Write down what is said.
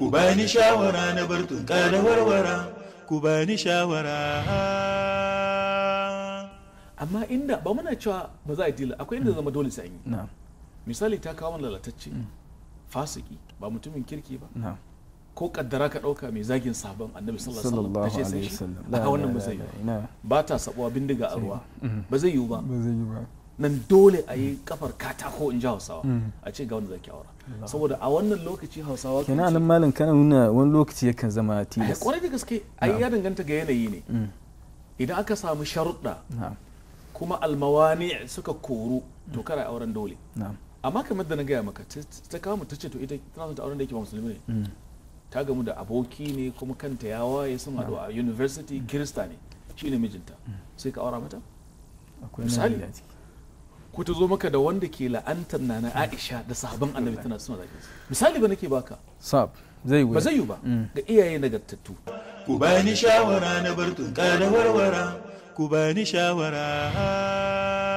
ku bani shawara na bar tunka da warwara ku bani shawara amma inda ba muna cewa ba za a dila akwai inda zama dole sai yi misali ta kawo mana lalatacce fasiki ba mutumin kirki ba ko kaddara ka dauka mai zagin sabon annabi sallallahu alaihi wasallam ta a wannan ba zai yi ba ta sabuwa bindiga a ruwa mm-hmm. ba zai yi ba nan dole a yi kafar katako in ji hausawa hmm. a ce ga wanda zai aura saboda a wannan lokaci hausawa kenan nan malam kana nuna wani lokaci yakan zama tilas A kwarai da gaske A yi ya danganta ga yanayi ne hmm. idan aka samu sharuɗa kuma almawani suka koru to hmm. kara auren dole amma kamar da na gaya maka ta kawo ta ce to ita tana son ta auren da yake ba musulmi ne ta gamu da aboki ne kuma kanta ya waye sun hadu a university kirista ne shi ne mijinta sai ka aura mata misali Ku ta zo maka da wanda ke la'antar na na Aisha da sahaban Annabi tana suna misali ba nake baka sab zai ba zai yi ba mm. ga iyaye nagartattu ku bani shawara na bar tunka da warwara ku bani shawara